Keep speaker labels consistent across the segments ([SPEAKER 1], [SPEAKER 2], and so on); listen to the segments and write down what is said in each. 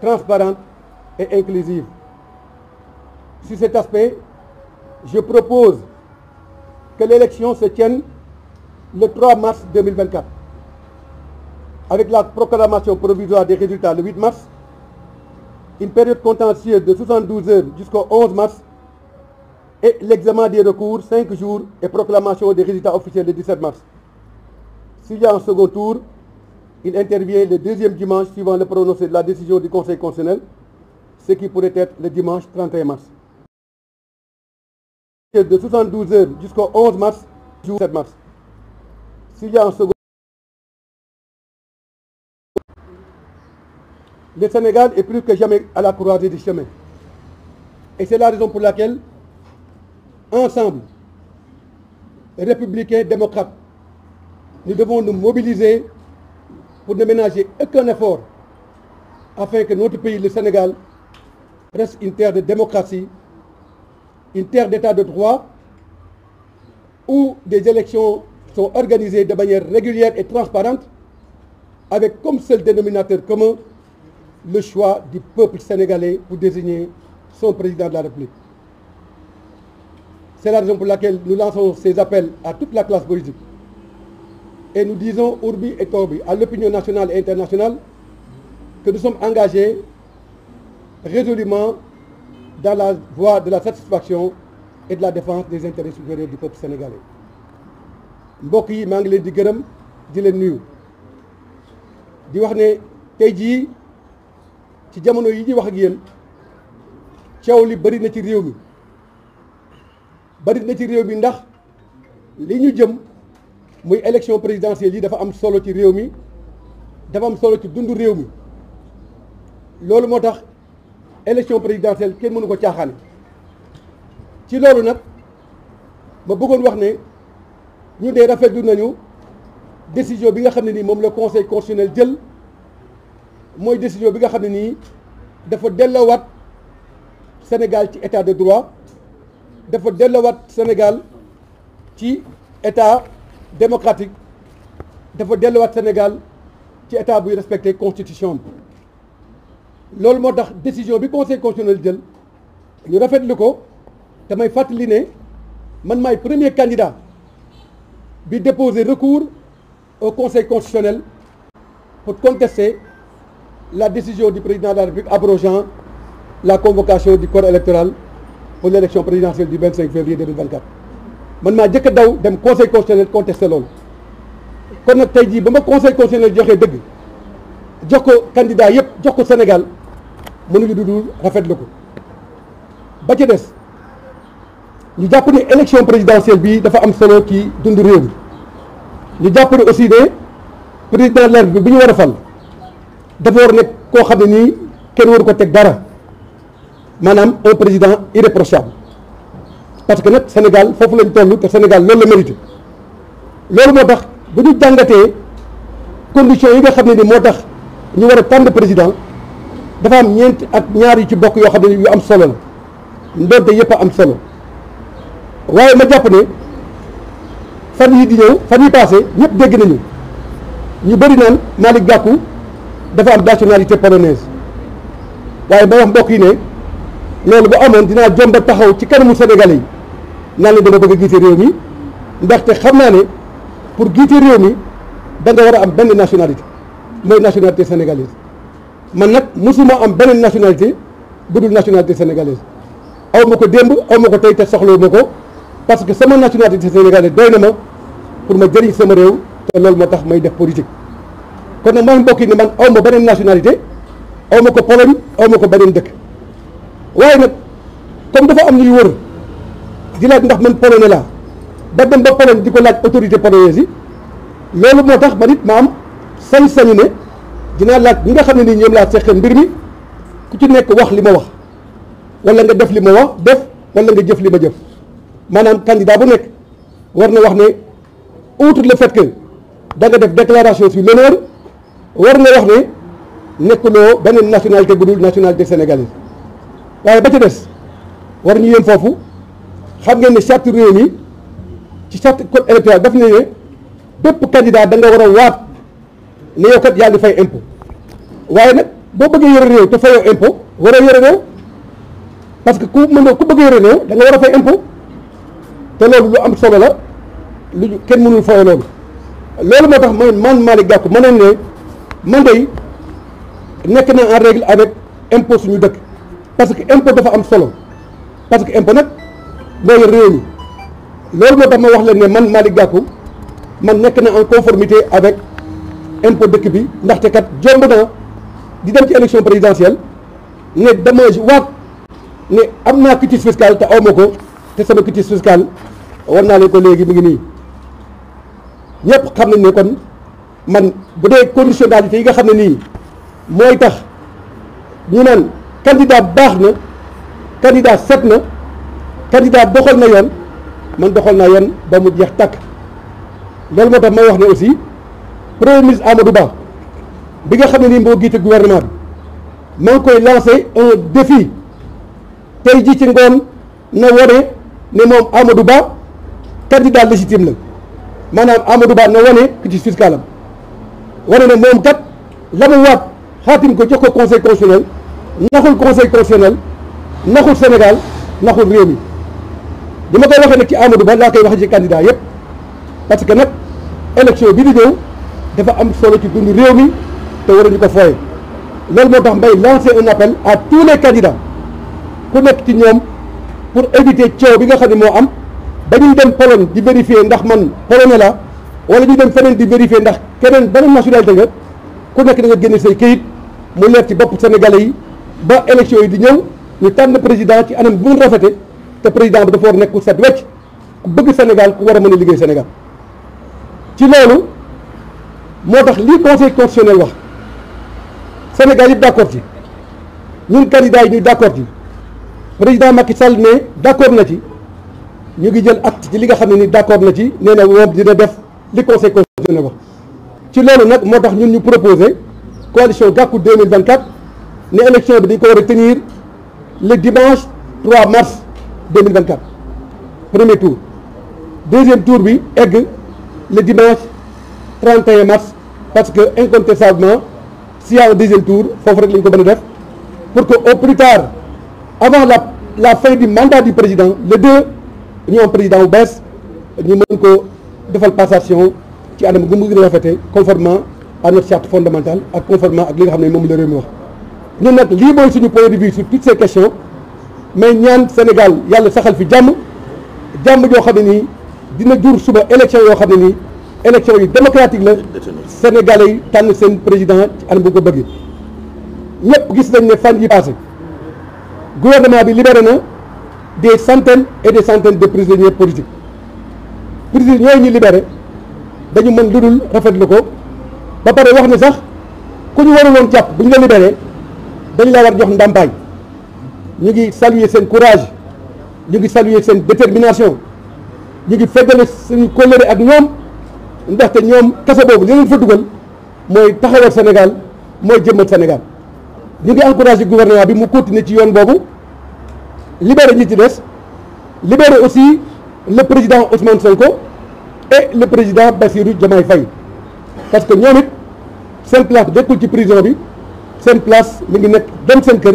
[SPEAKER 1] transparente et inclusive. Sur cet aspect, je propose que l'élection se tienne le 3 mars 2024, avec la proclamation provisoire des résultats le mars, une période contentieuse de 72 heures jusqu'au 11 mars et l'examen des recours 5 jours et proclamation des résultats officiels le mars. S'il y a un second tour, Il intervient le deuxième dimanche suivant le prononcé de la décision du Conseil constitutionnel, ce qui pourrait être le dimanche 31 mars. De mars, jour 7 mars. S'il y a un second... Le Sénégal est plus que jamais à la croisée du chemin. Et c'est la raison pour laquelle, ensemble, républicains, démocrates, nous devons nous mobiliser pour ne ménager aucun effort afin que notre pays, le Sénégal, reste une terre de démocratie, une terre d'état de droit, où des élections sont organisées de manière régulière et transparente, avec comme seul dénominateur commun le choix du peuple sénégalais pour désigner son président de la République. C'est la raison pour laquelle nous lançons ces appels à toute la classe politique et nous disons Urbi et Corbi à l'opinion nationale et internationale que nous sommes engagés résolument dans la voie de la satisfaction et de la défense des intérêts supérieurs du peuple sénégalais mbokk yi maa ngi leen di gërëm di leen nuyu di wax ne tey jii ci jamono yi ñuy wax ak yéen coow li bari na ci réew bi bari na ci réew bi ndax li ñu jëm muy élection présidentielle yi dafa am solo ci réew mi dafa am solo ci dundu réew mi loolu moo tax élection présidentielle kenn mënu ko caaxaane ci loolu nag ma bëggoon wax ne ñu dee rafetlu nañu décision bi nga xam ne nii moom la conseil constitutionnel jël mooy décision bi nga xam ne nii dafa delloowaat Sénégal ci état de droit dafa delloowaat Sénégal ci état. démocratique dafa delluwaat Sénégal ci état buy respecté constitution bi loolu moo tax décision bi conseil constitutionnel jël ñu rafetlu ko damay fàttali ne man maay premier candidat bi déposer recours au conseil constitutionnel pour contester la décision du président de la République abrogeant la convocation du corps électoral pour l'élection présidentielle du 25 février man maa jëkk a daw dem conseil constitutionnel contesté loolu kon nag tey jii ba ma conseil constitutionnel joxee dëgg jox ko candidat yëpp jox ko Sénégal mënuñu dudul rafetlu ko ba ci des ñu jàpp ne élection présidentielle bi dafa am solo ci dund réew mi ñu jàpp ne aussi ne président de bi bi ñu war a fal dafa war nekk koo xam ne nii kenn waru ko teg dara maanaam un président irréprochable parce que nag Sénégal foofu lañ toll te Sénégal loolu la mérité loolu moo tax bu ñu jàngatee conditions yi nga xam ne ni moo tax ñu war a tànn président dafa am ñeent ak ñaar yu ci bokk yoo xam ne yu am solo la ndoonte yëpp a am solo waaye ma jàpp ne fan yi di ñëw fan yi passé ñëpp dégg nañu ñu bëri naan Malick Gakou dafa am nationalité polonaise waaye may wax mbokk yi ne loolu bu amoon dinaa jomba taxaw ci kanamu Sénégalais yi naan la dama bëgg a jiite réew mi ndaxte xam naa ne pour jiite réew mi da nga war a am benn nationalité mooy nationalité sénégalaise man nag mosuma am beneen nationalité bu dul nationalité sénégalaise aw ma ko démb aw ma ko tey te soxla ma ko parce que sama nationalité sénégalaise doy na ma pour ma jëriñ sama réew te loolu moo tax may def politique kon nag man mbokk yi ne man aw beneen nationalité aw ma ko Pologne aw ko beneen dëkk waaye nag comme daf am ñuy wër. di laaj ndax man polonais laa ba dem ba Pologne di ko laaj autorité polonaise yi loolu moo tax man it ma am sañ-sañu ne dinaa laaj ñi nga xam ne nii ñoom laa seqee mbir mi ku ci nekk wax li ma wax wala nga def li ma wax def wala nga jëf li ma jëf maanaam candidat bu nekk war na wax ne outre la fait danga def déclaration sur l'honneur war nga wax ne nekkuloo beneen nationalité bu dul nationalité sénégalaise waaye ba ca des war ñu yem foofu. xam ngeen ne charte réew ci charte code électoral daf ne ne bépp candidat da war a waat ne yow kat yaa fay impôt waaye nag boo bëggee yore réew te fayoo impôt war a réew parce que ku mën a ku bëggee yore réew da nga war a fay impôt te loolu lu am solo la lu kenn mënul fooye loolu loolu moo tax man man Malick ma ne ne man day nekk na en règle avec impôt suñu dëkk parce que impôt dafa am solo parce que impôt nag mooy réew mi loolu moo tax ma wax leen ne man Malick Gakou man nekk na en conformité avec impôt dëkk bi ndaxte kat jomb naa di dem ci élection présidentielle ne dama waat ne am naa quitus fiscal te aw ko te sama quitus fiscal war naa leen ko léegi mu ngi nii ñëpp xam nañ ne kon man bu dee conditionnalité yi nga xam ne nii mooy tax ñu naan candidat baax na candidat set na candidat doxal na yoon man doxal naa yoon ba mu jeex takk loolu moo tax may wax ne aussi premier ministre Amadou bi nga xam ne nii moo jiite gouvernement bi maa ngi koy lancé un défi tey jii ci ngoon na wane ne moom Amadou Ba candidat légitime la maanaam Amadou Ba na wane ci fiscal am wane ne moom kat la mu waat xaatim ko jox ko conseil constitutionnel naxul conseil constitutionnel naxul Sénégal naxul réew mi dama koy waxee nag ci Amadou Ba laa koy waxee ci candidat yëpp parce que nag élection bi di ñëw dafa am solo ci dund réew mi te waruñu ko fooye loolu moo tax mbay lancer un appel à tous les candidats ku nekk ci ñoom pour éviter coow bi nga xam ne moo am dañuy dem Pologne di vérifier ndax man polonais la wala ñu dem feneen di vérifier ndax keneen beneen nationalité nga ku nekk da nga génne say këyit mu leer ci bopp sénégalais yi ba élection yi di ñëw ñu tànn président ci anam bu mu te président bi dafa war nekk ku set wecc ku bëgg Sénégal ku war a mën a liggéey Sénégal ci loolu moo tax lii conseil constitutionnel wax Sénégal yëpp d' accord ci ñun candidats yi ñu d' accord ci président Macky Sall ne d' accord na ci ñu ngi jël acte ci li nga xam ne ni d' accord na ci nee na moom dina def li conseil constitutionnel wax ci loolu nag moo tax ñun ñu proposé coalition Gakou 2024 ne élection bi dañ ko war a tenir le dimanche 3 mars 2024 premier tour deuxième tour bi egg le dimanche 31 mars parce que incontestablement s'il y a un deuxième tour foofu rek la ko mën a def pour que au plus tard avant la la fin du mandat du président le deux ñu am président bu bees ñu mën ko defal passation ci anam gu mu gën a rafetee conformément à notre charte fondamentale ak conformément ak li nga xam ne moom la réew mi wax ñun nag lii mooy suñu point de sur toutes ces questions mais ñaan Sénégal yàlla saxal fi jàmm jàmm joo xam ne nii dina jur suba élection yoo xam ne nii élection yu démocratique la Sénégalais yi tànn seen président ci anam bu ko bëggee ñëpp gis nañ ne fan yi passé gouvernement bi libéré na des centaines et des centaines de prisonniers politiques prisonniers ñooy ñu libéré dañu mën lu dul rafetlu ko ba pare wax ne sax ku ñu waruloon jàpp bu ñu la libéré dañ la war jox ndàmpaay ñu ngi saluer seen courage ñu ngi saluer seen détermination ñu ngi feddale suñu kóllëre ak ñoom ndaxte ñoom kese boobu li fa dugal mooy taxawal Sénégal mooy jëmmal Sénégal ñu ngi encouragé gouvernement bi mu continuer ci yoon boobu libérer ñi ci des libérer aussi le président Ousmane ko et le président Bassirou Diomaye Faye parce que ñoom it seen place nekkul ci prison bi seen place mi ngi nekk dem seen kër.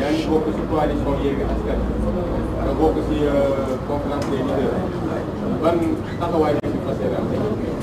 [SPEAKER 1] yaa ngi bokk ci coalition Yewwi Askan Wi nga bokk ci euh, conférence des leaders ban taxawaay nga ci fas yéene am